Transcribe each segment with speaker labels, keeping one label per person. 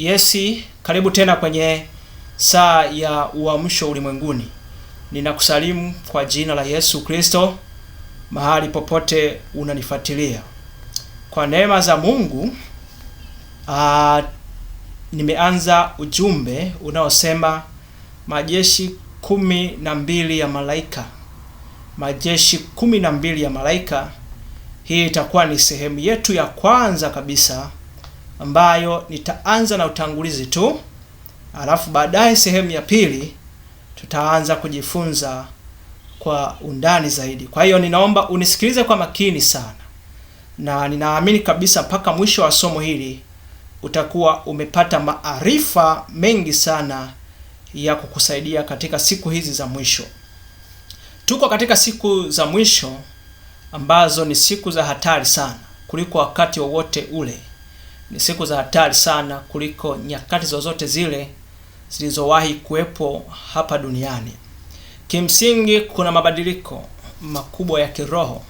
Speaker 1: Yesi, karibu tena kwenye saa ya uamsho ulimwenguni. Ninakusalimu kwa jina la Yesu Kristo mahali popote unanifuatilia. Kwa neema za Mungu aa, ah, nimeanza ujumbe unaosema majeshi kumi na mbili ya malaika, majeshi kumi na mbili ya malaika. Hii itakuwa ni sehemu yetu ya kwanza kabisa ambayo nitaanza na utangulizi tu, alafu baadaye sehemu ya pili tutaanza kujifunza kwa undani zaidi. Kwa hiyo ninaomba unisikilize kwa makini sana, na ninaamini kabisa mpaka mwisho wa somo hili utakuwa umepata maarifa mengi sana ya kukusaidia katika siku hizi za mwisho. Tuko katika siku za mwisho ambazo ni siku za hatari sana kuliko wakati wowote ule ni siku za hatari sana kuliko nyakati zozote zile zilizowahi kuwepo hapa duniani. Kimsingi, kuna mabadiliko makubwa ya kiroho.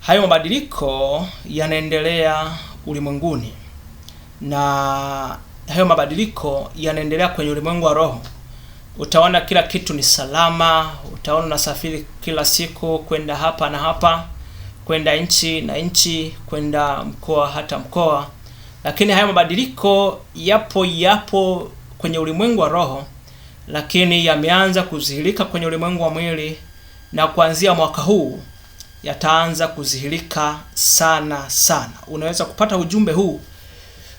Speaker 1: Hayo mabadiliko yanaendelea ulimwenguni, na hayo mabadiliko yanaendelea kwenye ulimwengu wa roho. Utaona kila kitu ni salama, utaona unasafiri kila siku kwenda hapa na hapa, kwenda nchi na nchi, kwenda mkoa hata mkoa. Lakini haya mabadiliko yapo yapo kwenye ulimwengu wa roho, lakini yameanza kuzihirika kwenye ulimwengu wa mwili, na kuanzia mwaka huu yataanza kuzihirika sana sana. Unaweza kupata ujumbe huu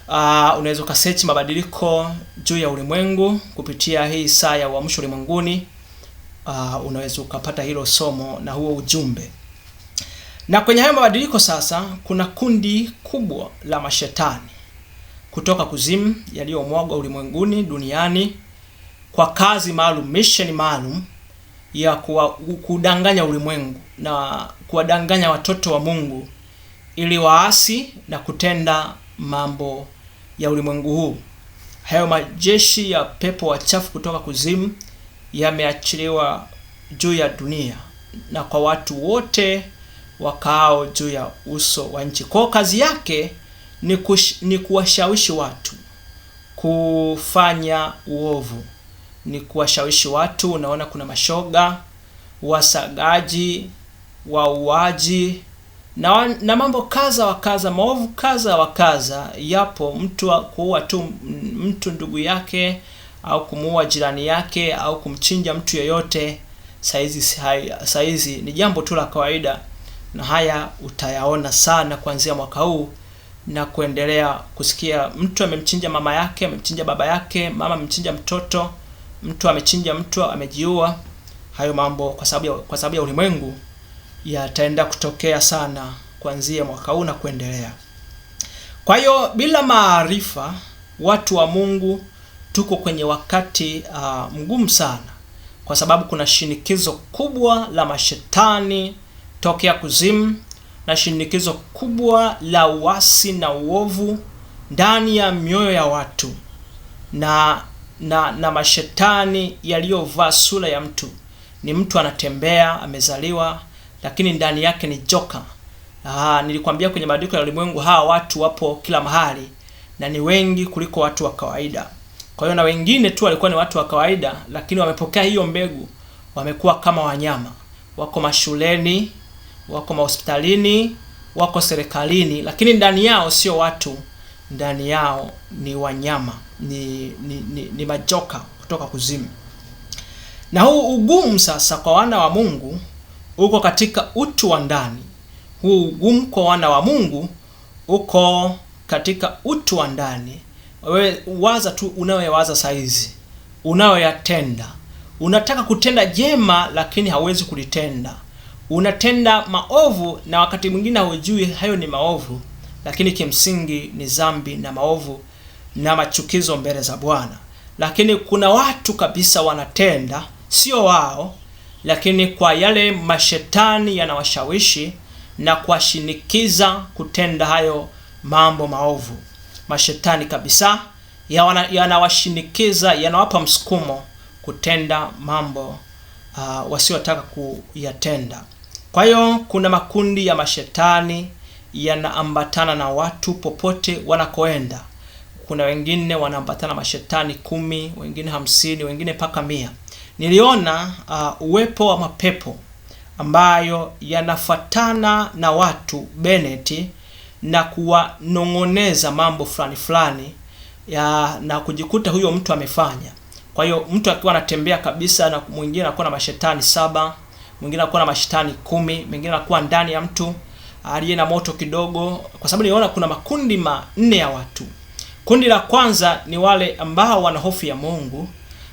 Speaker 1: uh, unaweza ukasearch mabadiliko juu ya ulimwengu kupitia hii saa ya uamsho ulimwenguni. Uh, unaweza ukapata hilo somo na huo ujumbe. Na kwenye hayo mabadiliko sasa, kuna kundi kubwa la mashetani kutoka kuzimu yaliyomwagwa ulimwenguni duniani kwa kazi maalum, mission maalum ya kuwa, kudanganya ulimwengu na kuwadanganya watoto wa Mungu ili waasi na kutenda mambo ya ulimwengu huu. Hayo majeshi ya pepo wachafu kutoka kuzimu yameachiliwa juu ya dunia na kwa watu wote wakao juu ya uso wa nchi. Kwa kazi yake ni, kush, ni kuwashawishi watu kufanya uovu, ni kuwashawishi watu. Unaona, kuna mashoga, wasagaji, wauaji na, na mambo kaza wa kaza, maovu kaza wa kaza yapo, mtu kuua tu mtu ndugu yake au kumuua jirani yake au kumchinja mtu yeyote saizi, saizi ni jambo tu la kawaida, na haya utayaona sana kuanzia mwaka huu na kuendelea kusikia mtu amemchinja mama yake, amemchinja baba yake, mama amemchinja mtoto, mtu amechinja mtu, amejiua. Hayo mambo kwa sababu ya, kwa sababu ya ulimwengu yataenda kutokea sana kuanzia mwaka huu na kuendelea. Kwa hiyo bila maarifa, watu wa Mungu tuko kwenye wakati uh, mgumu sana, kwa sababu kuna shinikizo kubwa la mashetani tokea kuzimu na shinikizo kubwa la uasi na uovu ndani ya mioyo ya watu na na, na mashetani yaliyovaa sura ya mtu. Ni mtu anatembea amezaliwa, lakini ndani yake ni joka. Aa, ah, nilikwambia kwenye maandiko ya ulimwengu hawa watu wapo kila mahali na ni wengi kuliko watu wa kawaida. Kwa hiyo na wengine tu walikuwa ni watu wa kawaida, lakini wamepokea hiyo mbegu, wamekuwa kama wanyama, wako mashuleni wako mahospitalini, wako serikalini, lakini ndani yao sio watu, ndani yao ni wanyama, ni, ni, ni, ni majoka kutoka kuzimu. Na huu ugumu sasa kwa wana wa Mungu uko katika utu wa ndani. Huu ugumu kwa wana wa Mungu uko katika utu wa ndani. Wewe waza tu unayowaza hizi, unayoyatenda, unataka kutenda jema, lakini hauwezi kulitenda unatenda maovu na wakati mwingine hujui hayo ni maovu, lakini kimsingi ni zambi na maovu na machukizo mbele za Bwana. Lakini kuna watu kabisa wanatenda, sio wao, lakini kwa yale mashetani yanawashawishi na kuwashinikiza kutenda hayo mambo maovu. Mashetani kabisa yanawashinikiza, yanawapa msukumo kutenda mambo uh, wasiotaka kuyatenda. Kwa hiyo kuna makundi ya mashetani yanaambatana na watu popote wanakoenda. Kuna wengine wanaambatana mashetani kumi, wengine hamsini, wengine mpaka mia. Niliona uh, uwepo wa mapepo ambayo yanafatana na watu Bennett na kuwanong'oneza mambo fulani fulani ya na kujikuta huyo mtu amefanya. Kwa hiyo mtu akiwa anatembea kabisa na mwingine anakuwa na mashetani saba mwingine anakuwa na mashitani kumi, mwingine anakuwa ndani ya mtu aliye na moto kidogo, kwa sababu niliona kuna makundi manne ya watu. Kundi la kwanza ni wale ambao wana hofu ya Mungu,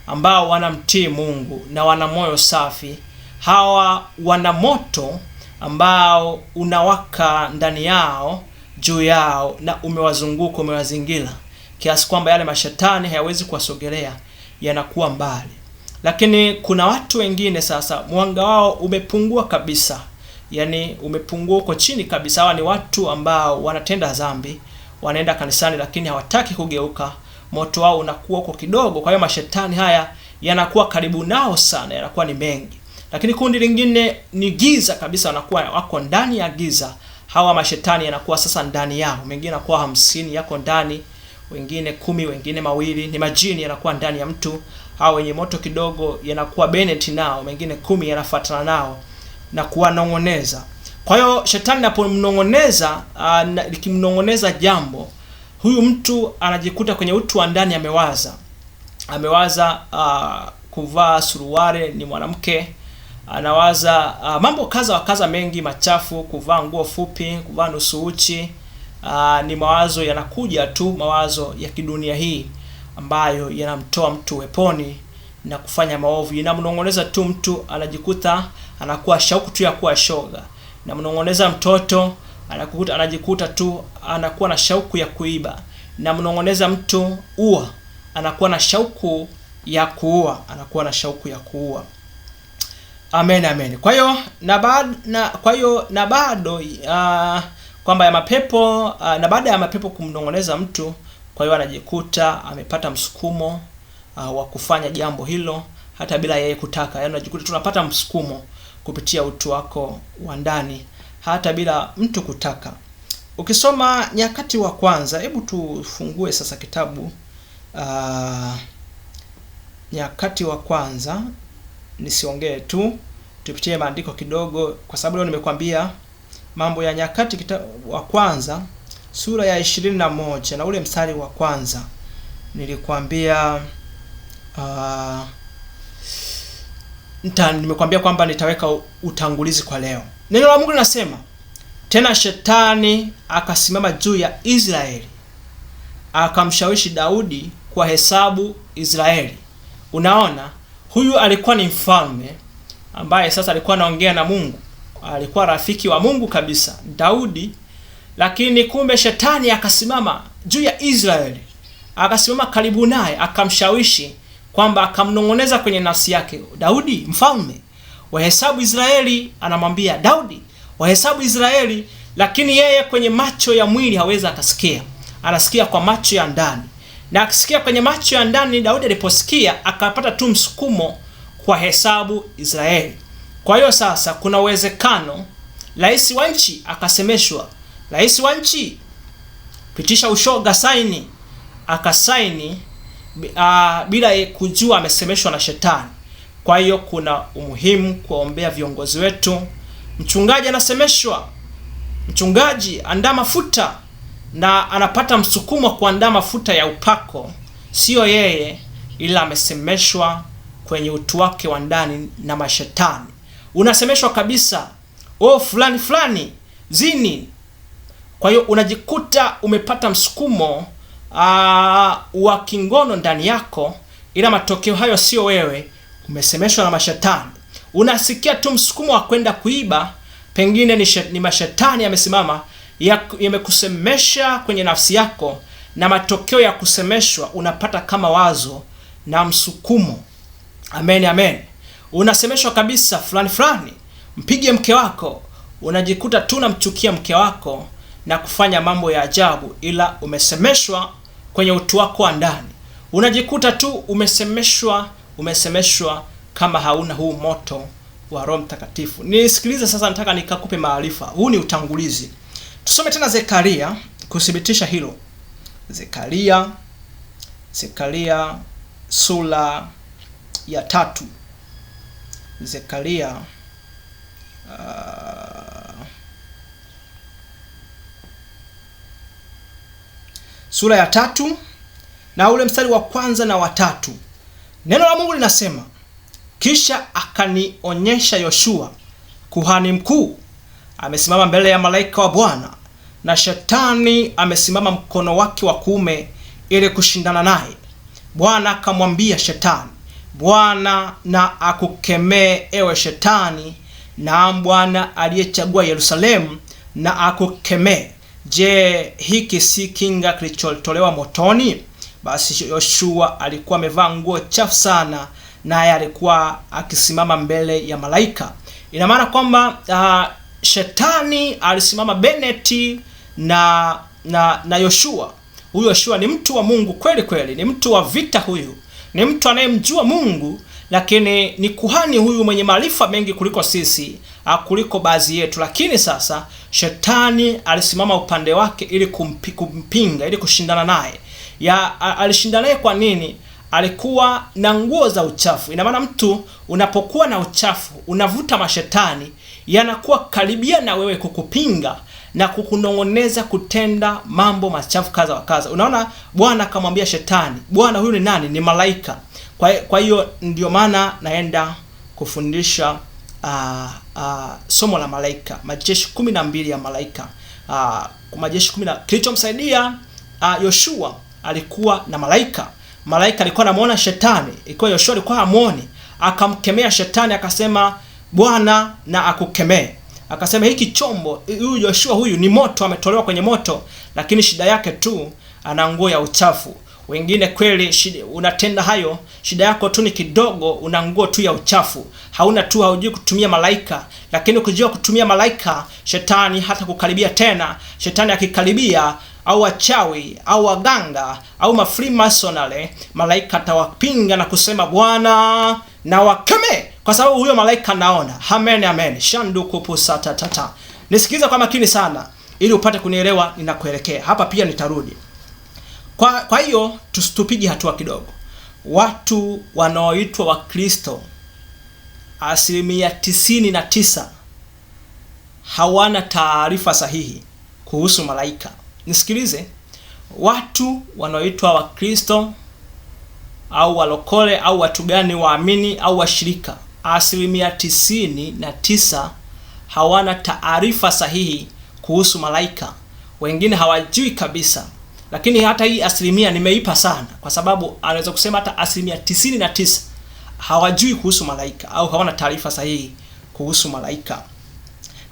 Speaker 1: ambao wanamtii Mungu na wana moyo safi. Hawa wana moto ambao unawaka ndani yao, juu yao, na umewazunguka, umewazingira kiasi kwamba yale mashetani hayawezi kuwasogelea, yanakuwa mbali. Lakini kuna watu wengine sasa mwanga wao umepungua kabisa, yaani umepungua uko chini kabisa. Hawa ni watu ambao wanatenda dhambi, wanaenda kanisani lakini hawataki kugeuka, moto wao unakuwa uko kidogo. Kwa hiyo mashetani haya yanakuwa karibu nao sana, yanakuwa ni mengi. Lakini kundi lingine ni giza kabisa, wanakuwa wako ndani ya giza. Hawa mashetani yanakuwa sasa ndani yao, mengine anakuwa hamsini yako ndani, wengine kumi, wengine mawili. Ni majini yanakuwa ndani ya mtu au yenye moto kidogo yanakuwa Bennett nao, mengine kumi yanafuatana nao na kuwanong'oneza. Kwa hiyo shetani napomnong'oneza, ah, likimnong'oneza jambo, huyu mtu anajikuta kwenye utu wa ndani amewaza, amewaza ah, kuvaa suruare ni mwanamke, anawaza ah, mambo kaza wakaza mengi machafu, kuvaa nguo fupi, kuvaa nusu uchi. Ni mawazo yanakuja tu, mawazo ya kidunia hii ambayo yanamtoa mtu weponi na kufanya maovu. Inamnong'oneza tu mtu anajikuta anakuwa shauku tu ya kuwa shoga. namnong'oneza mtoto anakuta anajikuta tu anakuwa na shauku ya kuiba. namnong'oneza mtu ua anakuwa na shauku ya kuua, anakuwa na shauku ya kuua. Amen, amen. Kwa hiyo na baad, na kwa hiyo na bado uh, kwamba ya mapepo uh, na baada ya mapepo kumnong'oneza mtu kwa hiyo anajikuta amepata msukumo uh, wa kufanya jambo hilo hata bila yeye kutaka. Yaani unajikuta tunapata msukumo kupitia utu wako wa ndani hata bila mtu kutaka. Ukisoma Nyakati wa Kwanza, hebu tufungue sasa kitabu uh, Nyakati wa Kwanza, nisiongee tu, tupitie maandiko kidogo, kwa sababu leo nimekwambia mambo ya Nyakati kita, wa Kwanza sura ya ishirini na moja na ule mstari wa kwanza nilikwambia uh, nta, nimekwambia kwamba nitaweka utangulizi kwa leo. Neno la Mungu linasema tena, shetani akasimama juu ya Israeli akamshawishi Daudi kwa hesabu Israeli. Unaona, huyu alikuwa ni mfalme ambaye sasa alikuwa anaongea na Mungu, alikuwa rafiki wa Mungu kabisa. Daudi lakini kumbe shetani akasimama juu ya Israeli, akasimama karibu naye, akamshawishi kwamba, akamnong'oneza kwenye nafsi yake, Daudi mfalme wahesabu Israeli, anamwambia Daudi wahesabu Israeli, lakini yeye kwenye macho ya mwili hawezi akasikia, anasikia kwa macho ya ndani na akisikia kwenye macho ya ndani. Daudi aliposikia akapata tu msukumo kwa hesabu Israeli. Kwa hiyo sasa kuna uwezekano rais wa nchi akasemeshwa rais wa nchi pitisha ushoga saini, akasaini uh, bila kujua amesemeshwa na shetani. Kwa hiyo kuna umuhimu kuwaombea viongozi wetu. Mchungaji anasemeshwa, mchungaji andaa mafuta na anapata msukumo wa kuandaa mafuta ya upako, siyo yeye, ila amesemeshwa kwenye utu wake wa ndani na mashetani. Unasemeshwa kabisa, oh, fulani fulani zini kwa hiyo unajikuta umepata msukumo ah, wa kingono ndani yako, ila matokeo hayo sio wewe, umesemeshwa na mashetani. Unasikia tu msukumo wa kwenda kuiba, pengine ni, ni mashetani yamesimama yamekusemesha ya kwenye nafsi yako, na matokeo ya kusemeshwa unapata kama wazo na msukumo. Amen, amen. Unasemeshwa kabisa, fulani fulani mpige mke wako, unajikuta tu namchukia mke wako na kufanya mambo ya ajabu, ila umesemeshwa kwenye utu wako wa ndani. Unajikuta tu umesemeshwa, umesemeshwa kama hauna huu moto wa Roho Mtakatifu. Nisikilize sasa, nataka nikakupe maarifa. Huu ni utangulizi. Tusome tena Zekaria kuthibitisha hilo. Zekaria, Zekaria sura ya tatu. Zekaria uh, sura ya tatu na ule mstari wa kwanza na watatu. Neno la Mungu linasema, kisha akanionyesha Yoshua kuhani mkuu amesimama mbele ya malaika wa Bwana, na shetani amesimama mkono wake wa kuume ili kushindana naye. Bwana akamwambia shetani, Bwana na akukemee ewe shetani, na Bwana aliyechagua Yerusalemu na akukemee Je, hiki si kinga kilichotolewa motoni? Basi Yoshua alikuwa amevaa nguo chafu sana, naye alikuwa akisimama mbele ya malaika. Ina maana kwamba uh, shetani alisimama Beneti na na na Yoshua. Huyu Yoshua ni mtu wa Mungu kweli kweli, ni mtu wa vita huyu, ni mtu anayemjua Mungu lakini ni kuhani huyu mwenye maarifa mengi kuliko sisi, ah, kuliko baadhi yetu. Lakini sasa shetani alisimama upande wake ili kumpi, kumpinga ili kushindana naye. Ya alishindana naye kwa nini? Alikuwa na nguo za uchafu. Ina maana mtu unapokuwa na uchafu unavuta mashetani, yanakuwa karibia na wewe kukupinga na kukunong'oneza kutenda mambo machafu kaza wa kadha. Unaona, Bwana akamwambia shetani, bwana huyu ni nani? Ni malaika kwa, kwa hiyo ndio maana naenda kufundisha uh, uh, somo la malaika, majeshi kumi na mbili ya malaika uh, majeshi kumi na kilichomsaidia uh, Yoshua alikuwa na malaika. Malaika alikuwa anamuona shetani, ilikuwa Yoshua alikuwa amwoni akamkemea shetani, akasema Bwana na akukemee. Akasema hiki chombo, huyu Yoshua huyu ni moto, ametolewa kwenye moto, lakini shida yake tu ana nguo ya uchafu. Wengine kweli shida, unatenda hayo, shida yako tu ni kidogo, una nguo tu ya uchafu, hauna tu, haujui kutumia malaika. Lakini ukijua kutumia malaika, shetani hata kukaribia tena. Shetani akikaribia au wachawi au waganga au mafrimasonale, malaika atawapinga na kusema Bwana na wakeme, kwa sababu huyo malaika naona. Amen, amen. Shanduku pusa tatata, nisikiza kwa makini sana ili upate kunielewa ninakuelekea. Hapa pia nitarudi kwa kwa hiyo tupige hatua kidogo. Watu wanaoitwa Wakristo asilimia tisini na tisa hawana taarifa sahihi kuhusu malaika. Nisikilize, watu wanaoitwa Wakristo au walokole au watu gani waamini au washirika, asilimia tisini na tisa hawana taarifa sahihi kuhusu malaika. Wengine hawajui kabisa. Lakini hata hii asilimia nimeipa sana, kwa sababu anaweza kusema hata asilimia tisini na tisa hawajui kuhusu malaika au hawana taarifa sahihi kuhusu malaika,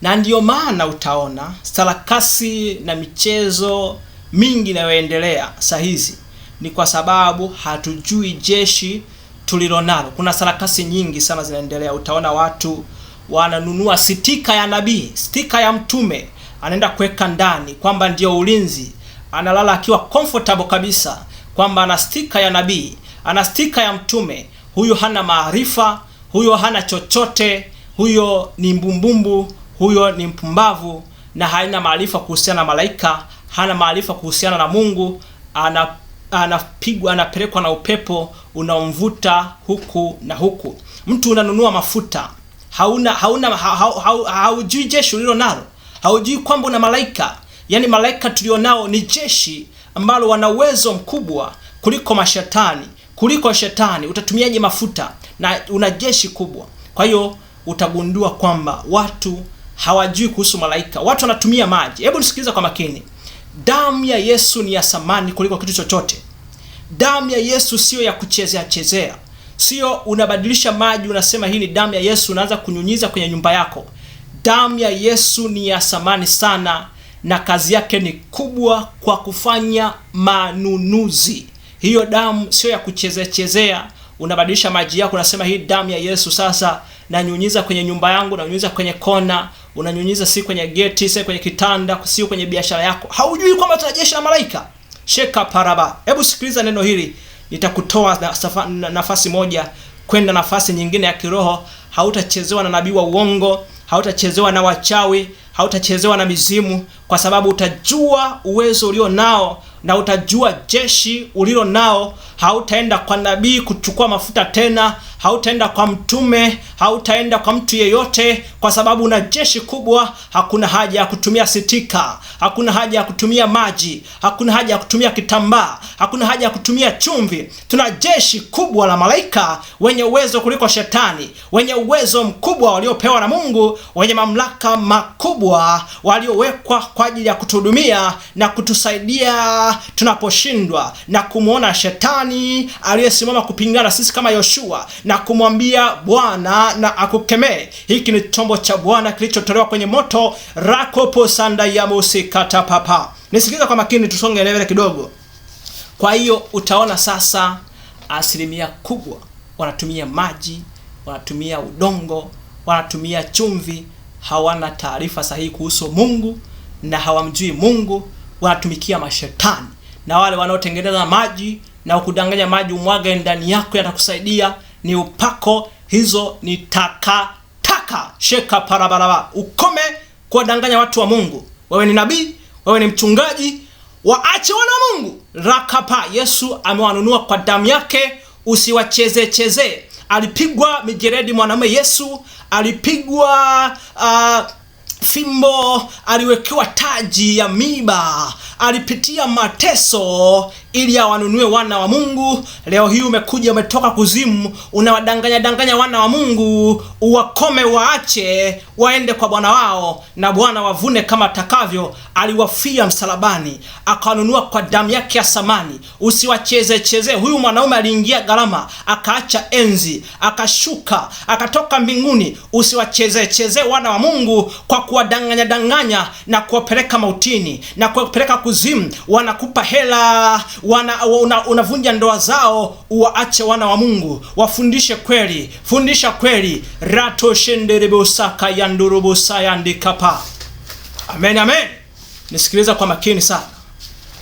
Speaker 1: na ndiyo maana utaona sarakasi na michezo mingi inayoendelea sahizi ni kwa sababu hatujui jeshi tulilonalo. Kuna sarakasi nyingi sana zinaendelea. Utaona watu wananunua stika ya nabii, stika ya mtume, anaenda kuweka ndani kwamba ndio ulinzi analala akiwa comfortable kabisa kwamba ana stika ya nabii, ana stika ya mtume. Huyo hana maarifa, huyo hana chochote, huyo ni mbumbumbu, huyo ni mpumbavu na haina maarifa kuhusiana na malaika, hana maarifa kuhusiana na Mungu. Anapigwa, anapelekwa na upepo unaomvuta huku na huku. Mtu unanunua mafuta, hauna hauna haujui ha, ha, hau, jeshi ulilo nalo, haujui kwamba una malaika Yaani malaika tulionao ni jeshi ambalo wana uwezo mkubwa kuliko mashetani, kuliko shetani. Utatumiaje mafuta na una jeshi kubwa? Kwa hiyo utagundua kwamba watu hawajui kuhusu malaika, watu wanatumia maji. Hebu nisikiliza kwa makini. Damu ya Yesu ni ya thamani kuliko kitu chochote. Damu ya Yesu sio ya kuchezea chezea, sio unabadilisha maji unasema hii ni damu ya Yesu, unaanza kunyunyiza kwenye nyumba yako. Damu ya Yesu ni ya thamani sana na kazi yake ni kubwa kwa kufanya manunuzi. Hiyo damu sio ya kuchezea chezea, unabadilisha maji yako, unasema hii damu ya Yesu sasa nanyunyiza kwenye nyumba yangu, nanyunyiza kwenye kona, unanyunyiza si kwenye geti, si kwenye kitanda, si kwenye biashara yako. Haujui kwamba tuna jeshi la malaika sheka paraba. Hebu sikiliza neno hili, nitakutoa na nafasi moja kwenda nafasi nyingine ya kiroho. Hautachezewa na nabii wa uongo, hautachezewa na wachawi, hautachezewa na mizimu, kwa sababu utajua uwezo ulio nao na utajua jeshi ulilo nao. Hautaenda kwa nabii kuchukua mafuta tena, hautaenda kwa mtume, hautaenda kwa mtu yeyote, kwa sababu una jeshi kubwa. Hakuna haja ya kutumia sitika, hakuna haja ya kutumia maji, hakuna haja ya kutumia kitambaa, hakuna haja ya kutumia chumvi. Tuna jeshi kubwa la malaika wenye uwezo kuliko shetani, wenye uwezo mkubwa waliopewa na Mungu, wenye mamlaka makubwa waliowekwa kwa ajili ya kutuhudumia na kutusaidia tunaposhindwa na kumwona shetani aliyesimama kupingana sisi kama Yoshua na kumwambia Bwana na akukemee. Hiki ni chombo cha Bwana kilichotolewa kwenye moto rakopo sanda ya musikata papa. Nisikiza kwa makini, tusonge mbele kidogo. Kwa hiyo utaona sasa asilimia kubwa wanatumia maji, wanatumia udongo, wanatumia chumvi, hawana taarifa sahihi kuhusu Mungu na hawamjui Mungu wanatumikia mashetani na wale wanaotengeneza maji na kudanganya maji umwage ndani yako yatakusaidia ni upako. Hizo ni taka taka sheka parabaraba. Ukome kuwadanganya watu wa Mungu. Wewe ni nabii, wewe ni mchungaji, waache wana Mungu rakapa. Yesu amewanunua kwa damu yake, usiwacheze cheze. Alipigwa mijeredi mwanamume Yesu alipigwa uh, simbo aliwekewa taji ya miba alipitia mateso ili awanunue wana wa Mungu. Leo hii umekuja, umetoka kuzimu, unawadanganya danganya wana wa Mungu, uwakome, waache waende kwa bwana wao, na Bwana wavune kama atakavyo. Aliwafia msalabani, akawanunua kwa damu yake ya samani. Usiwacheze cheze. Huyu mwanaume aliingia gharama, akaacha enzi, akashuka, akatoka mbinguni. Usiwacheze cheze wana wa Mungu kwa kuwadanganya danganya na kuwapeleka mautini na kuwapeleka kuzimu, wanakupa hela, wana, una, unavunja ndoa zao, uwaache wana wa Mungu, wafundishe kweli, fundisha kweli rato shenderebosaka yandurobosa Amen, amen. Nisikiliza kwa makini sana,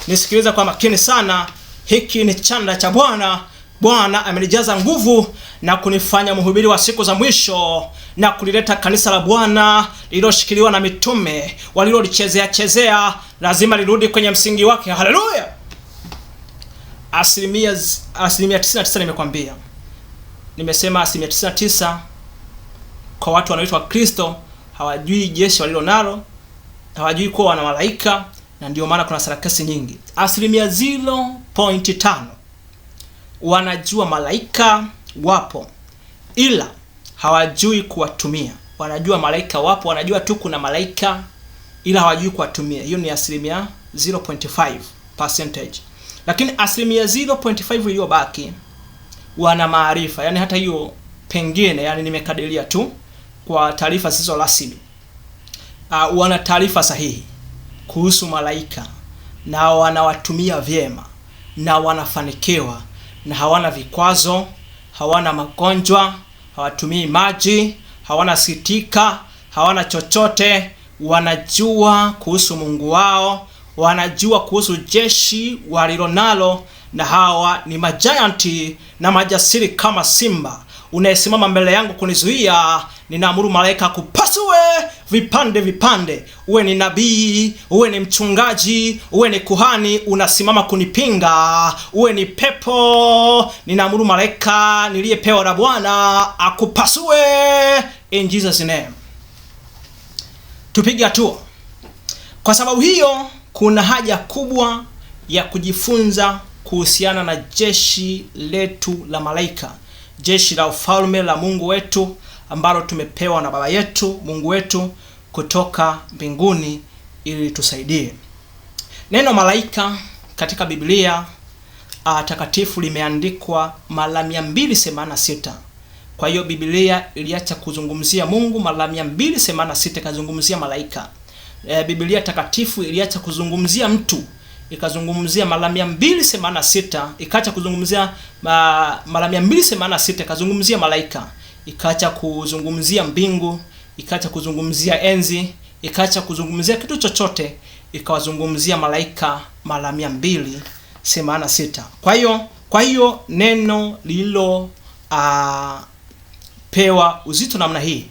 Speaker 1: nisikiliza kwa makini sana. Hiki ni chanda cha Bwana. Bwana amenijaza nguvu na kunifanya mhubiri wa siku za mwisho na kulileta kanisa la Bwana lililoshikiliwa na mitume walilolichezea chezea, lazima lirudi kwenye msingi wake. Haleluya! Asilimia asilimia 99 nimekwambia, nimesema asilimia 99 kwa watu wanaoitwa Kristo hawajui jeshi walilo nalo, hawajui kuwa wana malaika, na ndio maana kuna sarakasi nyingi. Asilimia 0.5 wanajua malaika wapo, ila hawajui kuwatumia. Wanajua malaika wapo, wanajua tu kuna malaika, ila hawajui kuwatumia. Hiyo ni asilimia 0.5 percentage, lakini asilimia 0.5 iliyobaki wana maarifa, yani hata hiyo pengine, yani nimekadiria tu kwa taarifa zisizo rasmi. Uh, wana taarifa sahihi kuhusu malaika na wanawatumia vyema na wanafanikiwa na hawana vikwazo, hawana magonjwa, hawatumii maji, hawana sitika, hawana chochote. Wanajua kuhusu Mungu wao, wanajua kuhusu jeshi walilonalo, na hawa ni majayanti na majasiri kama simba. Unayesimama mbele yangu kunizuia ninaamuru malaika kupasue vipande vipande. Uwe ni nabii, uwe ni mchungaji, uwe ni kuhani, unasimama kunipinga, uwe ni pepo, ninaamuru malaika niliyepewa na Bwana akupasue in Jesus name. Tupige hatua. Kwa sababu hiyo, kuna haja kubwa ya kujifunza kuhusiana na jeshi letu la malaika, jeshi la ufalme la Mungu wetu ambalo tumepewa na baba yetu Mungu wetu kutoka mbinguni ili tusaidie. Neno malaika katika Biblia uh, takatifu limeandikwa mara 286. Kwa hiyo Biblia iliacha kuzungumzia Mungu mara 286 ikazungumzia malaika. E, Biblia takatifu iliacha kuzungumzia mtu ikazungumzia mara 286 ikaacha kuzungumzia ah, mara 286 ikazungumzia malaika ikaacha kuzungumzia mbingu, ikaacha kuzungumzia enzi, ikaacha kuzungumzia kitu chochote, ikawazungumzia malaika mara mia mbili semana sita. Kwa hiyo kwa hiyo neno lililo ah, pewa uzito namna hii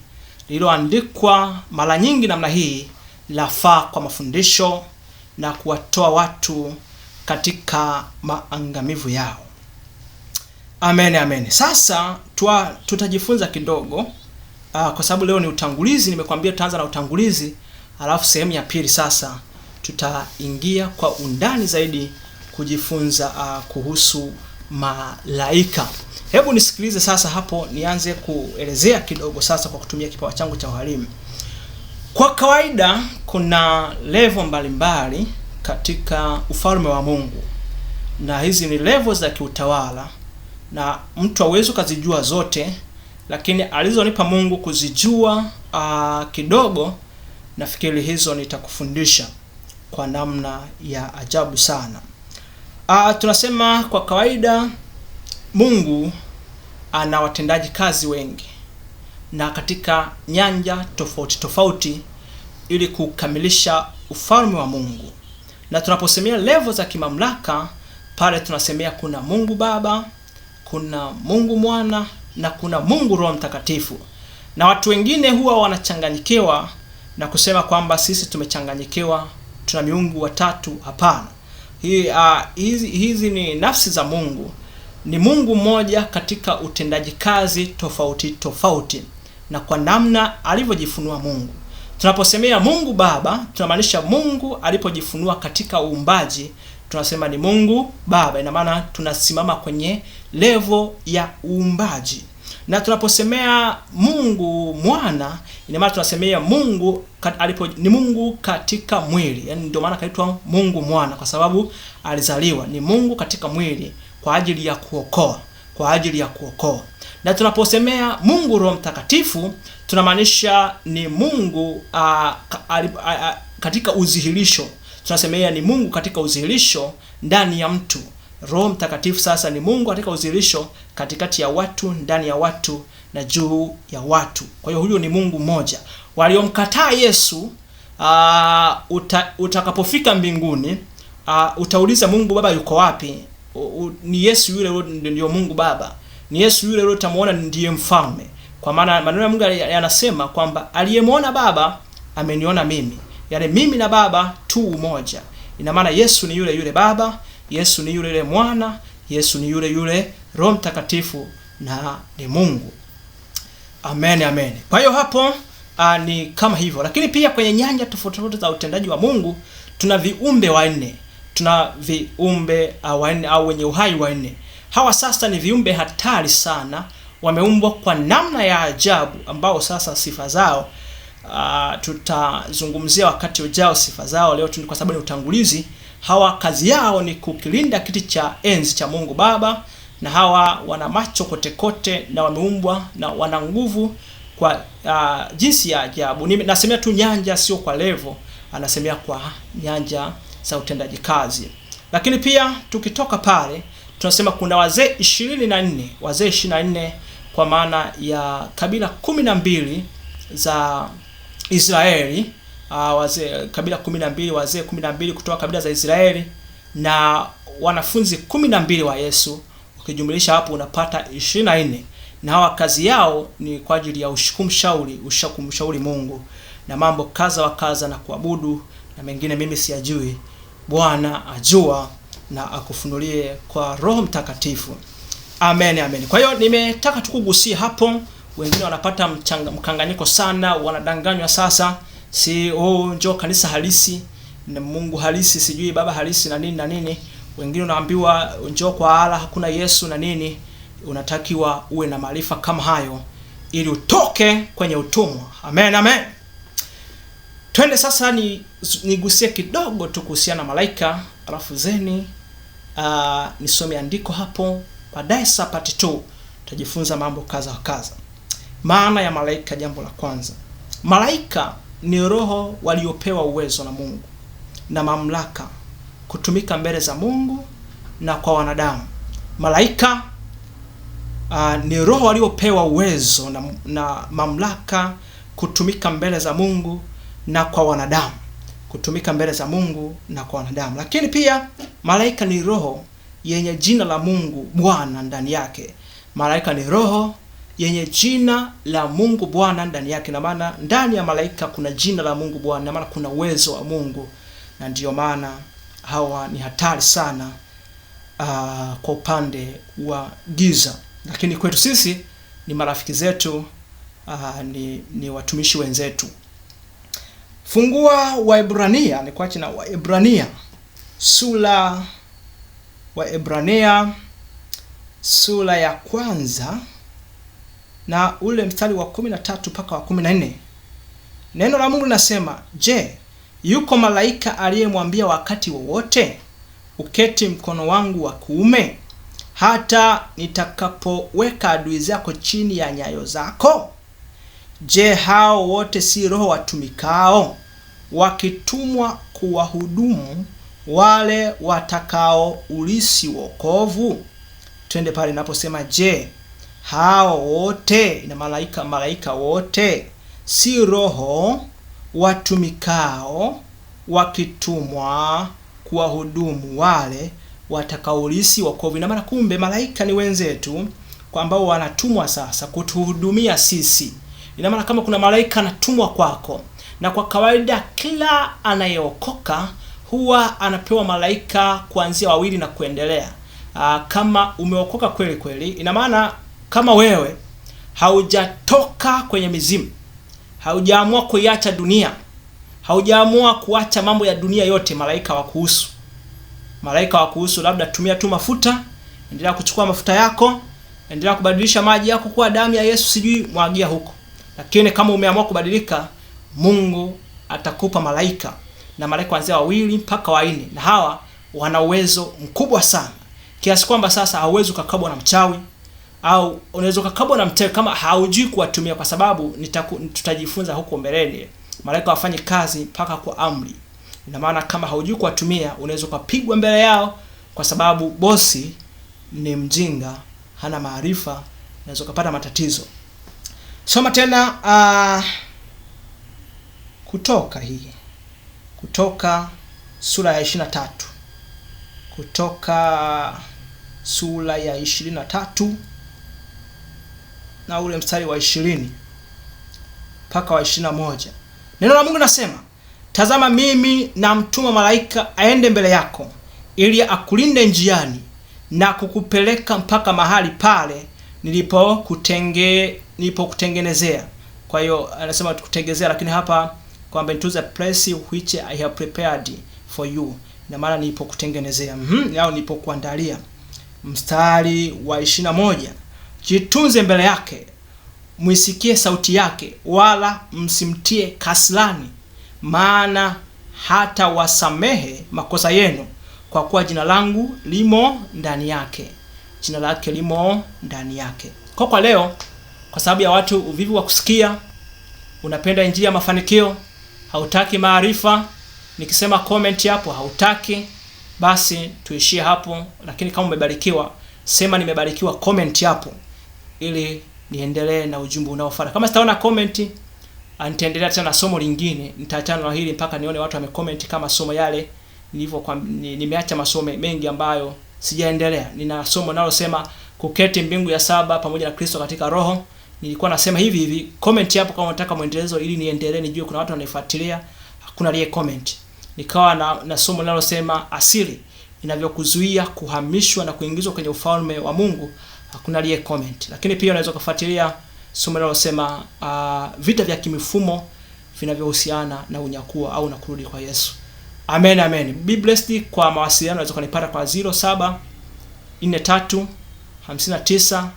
Speaker 1: lililoandikwa mara nyingi namna hii lafaa kwa mafundisho na kuwatoa watu katika maangamivu yao. Amen, amen. Sasa twa, tutajifunza kidogo uh, ah, kwa sababu leo ni utangulizi. Nimekwambia tutaanza na utangulizi, alafu sehemu ya pili sasa tutaingia kwa undani zaidi kujifunza uh, kuhusu malaika. Hebu nisikilize sasa hapo, nianze kuelezea kidogo sasa kwa kutumia kipawa changu cha walimu. Kwa kawaida kuna levo mbalimbali katika ufalme wa Mungu, na hizi ni levo za kiutawala na mtu hawezi ukazijua zote, lakini alizonipa Mungu kuzijua uh, kidogo, nafikiri hizo nitakufundisha kwa namna ya ajabu sana. Uh, tunasema kwa kawaida Mungu ana watendaji kazi wengi na katika nyanja tofauti tofauti ili kukamilisha ufalme wa Mungu. Na tunaposemea levo za kimamlaka pale tunasemea kuna Mungu Baba, kuna Mungu Mwana na kuna Mungu Roho Mtakatifu. Na watu wengine huwa wanachanganyikiwa na kusema kwamba sisi tumechanganyikiwa, tuna miungu watatu. Hapana, hii uh, ah, hizi, hizi ni nafsi za Mungu, ni Mungu mmoja katika utendaji kazi tofauti tofauti na kwa namna alivyojifunua Mungu. Tunaposemea Mungu Baba tunamaanisha Mungu alipojifunua katika uumbaji tunasema ni Mungu Baba. Ina maana tunasimama kwenye levo ya uumbaji, na tunaposemea Mungu Mwana, ina maana tunasemea Mungu kat, alipo, ni Mungu katika mwili, yaani ndio maana kaitwa Mungu Mwana kwa sababu alizaliwa, ni Mungu katika mwili kwa ajili ya kuokoa, kwa ajili ya kuokoa. Na tunaposemea Mungu Roho Mtakatifu tunamaanisha ni Mungu a, a, a, a, katika uzihirisho tunasema yeye ni Mungu katika uzihirisho ndani ya mtu. Roho Mtakatifu sasa ni Mungu katika uzihirisho katikati ya watu, ndani ya watu na juu ya watu. Kwa hiyo huyo ni Mungu mmoja. Waliomkataa Yesu aa, ah, uta, utakapofika mbinguni uh, utauliza Mungu Baba yuko wapi? U, u, ni Yesu yule ndio Mungu Baba. Ni Yesu yule yule utamwona ndiye mfalme. Kwa maana maneno ya Mungu yanasema kwamba aliyemwona Baba ameniona mimi yaani mimi na Baba tu umoja. Ina maana Yesu ni yule yule Baba, Yesu ni yule yule Mwana, Yesu ni yule yule Roho Mtakatifu na ni Mungu. Amen, amen. Kwa hiyo hapo a, ah, ni kama hivyo, lakini pia kwenye nyanja tofauti tofauti za utendaji wa Mungu tuna viumbe wanne, tuna viumbe ah, wanne au wenye uhai wanne. Hawa sasa ni viumbe hatari sana, wameumbwa kwa namna ya ajabu, ambao sasa sifa zao uh, tutazungumzia wakati ujao sifa zao. Leo tu kwa sababu ni utangulizi, hawa kazi yao ni kukilinda kiti cha enzi cha Mungu Baba, na hawa wana macho kote kote na wameumbwa na wana nguvu kwa uh, jinsi ya ajabu. Nasemea tu nyanja, sio kwa levo, anasemea kwa nyanja za utendaji kazi. Lakini pia tukitoka pale tunasema kuna wazee ishirini na nne wazee ishirini na nne kwa maana ya kabila kumi na mbili za Israeli uh, wazee kabila kumi na mbili wazee kumi na mbili kutoka kabila za Israeli na wanafunzi kumi na mbili wa Yesu. Ukijumlisha hapo unapata ishirini na nne na hawa kazi yao ni kwa ajili ya kumshauri usha kumshauri Mungu na mambo kaza wa kaza na kuabudu na mengine mimi siyajui. Bwana ajua na akufunulie kwa Roho Mtakatifu. Amen, amen. Kwa hiyo nimetaka tukugusie hapo wengine wanapata mchanga, mkanganyiko sana, wanadanganywa. Sasa si e oh, njoo kanisa halisi na Mungu halisi, sijui baba halisi na nini na nini. Wengine unaambiwa njoo kwa ala, hakuna Yesu na nini. Unatakiwa uwe na maarifa kama hayo ili utoke kwenye utumwa. Amen, amen. Twende sasa ni nigusie kidogo tu kuhusiana na malaika, alafu zeni uh, nisome andiko hapo baadaye. Sapati tu tutajifunza mambo kaza wa kadha. Maana ya malaika, jambo la kwanza, malaika ni roho waliopewa uwezo na Mungu na mamlaka kutumika mbele za Mungu na kwa wanadamu. Malaika uh, ni roho waliopewa uwezo na, na mamlaka kutumika mbele za Mungu na kwa wanadamu, kutumika mbele za Mungu na kwa wanadamu. Lakini pia malaika ni roho yenye jina la Mungu Bwana ndani yake. Malaika ni roho yenye jina la Mungu Bwana ndani yake, na maana ndani ya malaika kuna jina la Mungu Bwana, na maana kuna uwezo wa Mungu, na ndiyo maana hawa ni hatari sana uh, kwa upande wa giza, lakini kwetu sisi ni marafiki zetu, uh, ni, ni watumishi wenzetu. Fungua Waebrania, nikuache na Waebrania sura Waebrania sura ya kwanza na ule mstari wa 13 mpaka wa 14 neno la Mungu linasema, je, yuko malaika aliyemwambia wakati wowote uketi mkono wangu wa kuume hata nitakapoweka adui zako chini ya nyayo zako? Je, hao wote si roho watumikao wakitumwa kuwahudumu wale watakao ulisi wokovu? Twende pale inaposema je hao wote na malaika malaika wote si roho watumikao wakitumwa kuwahudumu wale watakaulisi wokovu. Ina maana kumbe malaika ni wenzetu kwa ambao wanatumwa sasa kutuhudumia sisi. Ina maana kama kuna malaika anatumwa kwako, na kwa kawaida kila anayeokoka huwa anapewa malaika kuanzia wawili na kuendelea. Aa, kama umeokoka kweli kweli, ina maana kama wewe haujatoka kwenye mizimu, haujaamua kuiacha dunia, haujaamua kuacha mambo ya dunia yote, malaika wa kuhusu, malaika wa kuhusu. Labda tumia tu mafuta, endelea kuchukua mafuta yako, endelea kubadilisha maji yako kuwa damu ya Yesu, sijui mwagia huko. Lakini kama umeamua kubadilika, Mungu atakupa malaika na malaika wanzia wawili mpaka wanne, na hawa wana uwezo mkubwa sana kiasi kwamba sasa hauwezi ukakabwa na mchawi au unaweza ukakabwa na mtego kama haujui kuwatumia, kwa sababu nitaku, tutajifunza huko mbeleni malaika wafanye kazi mpaka kwa amri. Ina maana kama haujui kuwatumia unaweza ukapigwa mbele yao, kwa sababu bosi ni mjinga, hana maarifa, unaweza ukapata matatizo. Soma tena uh, Kutoka hii Kutoka sura ya ishirini tatu Kutoka sura ya ishirini na tatu na ule mstari wa ishirini mpaka wa ishirini na moja neno la Mungu nasema, tazama mimi na mtuma malaika aende mbele yako ili akulinde njiani na kukupeleka mpaka mahali pale nilipokutenge nilipokutengenezea. Kwa hiyo anasema tukutengezea, lakini hapa kwamba into the place which I have prepared for you, na maana nilipokutengenezea, mm -hmm, au nilipokuandalia. Mstari wa ishirini moja Jitunze mbele yake, mwisikie sauti yake, wala msimtie kaslani, maana hata wasamehe makosa yenu, kwa kuwa jina langu limo ndani yake. Jina lake limo ndani yake. Kwa kwa leo, kwa sababu ya watu uvivu wa kusikia, unapenda injili ya mafanikio, hautaki maarifa, nikisema comment hapo hautaki, basi tuishie hapo. Lakini kama umebarikiwa, sema nimebarikiwa, comment hapo ili niendelee na ujumbe unaofuata. Kama sitaona comment, nitaendelea tena na somo lingine, nitaachana na hili mpaka nione watu wamecomment kama somo yale nilivyo kwa ni, nimeacha masomo mengi ambayo sijaendelea. Nina somo nalo sema kuketi mbingu ya saba pamoja na Kristo katika roho. Nilikuwa nasema hivi hivi, comment hapo kama unataka mwendelezo ili niendelee nijue kuna watu wanaifuatilia. Hakuna aliye comment. Nikawa na, na somo nalo sema asili inavyokuzuia kuhamishwa na kuingizwa kwenye ufalme wa Mungu hakuna aliye comment. Lakini pia unaweza kufuatilia somo linalosema uh, vita vya kimifumo vinavyohusiana na unyakuo au na kurudi kwa Yesu. Amen, amen. Be blessed. Kwa mawasiliano unaweza kunipata kwa 07 43 59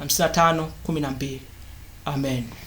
Speaker 1: 55 12. Amen.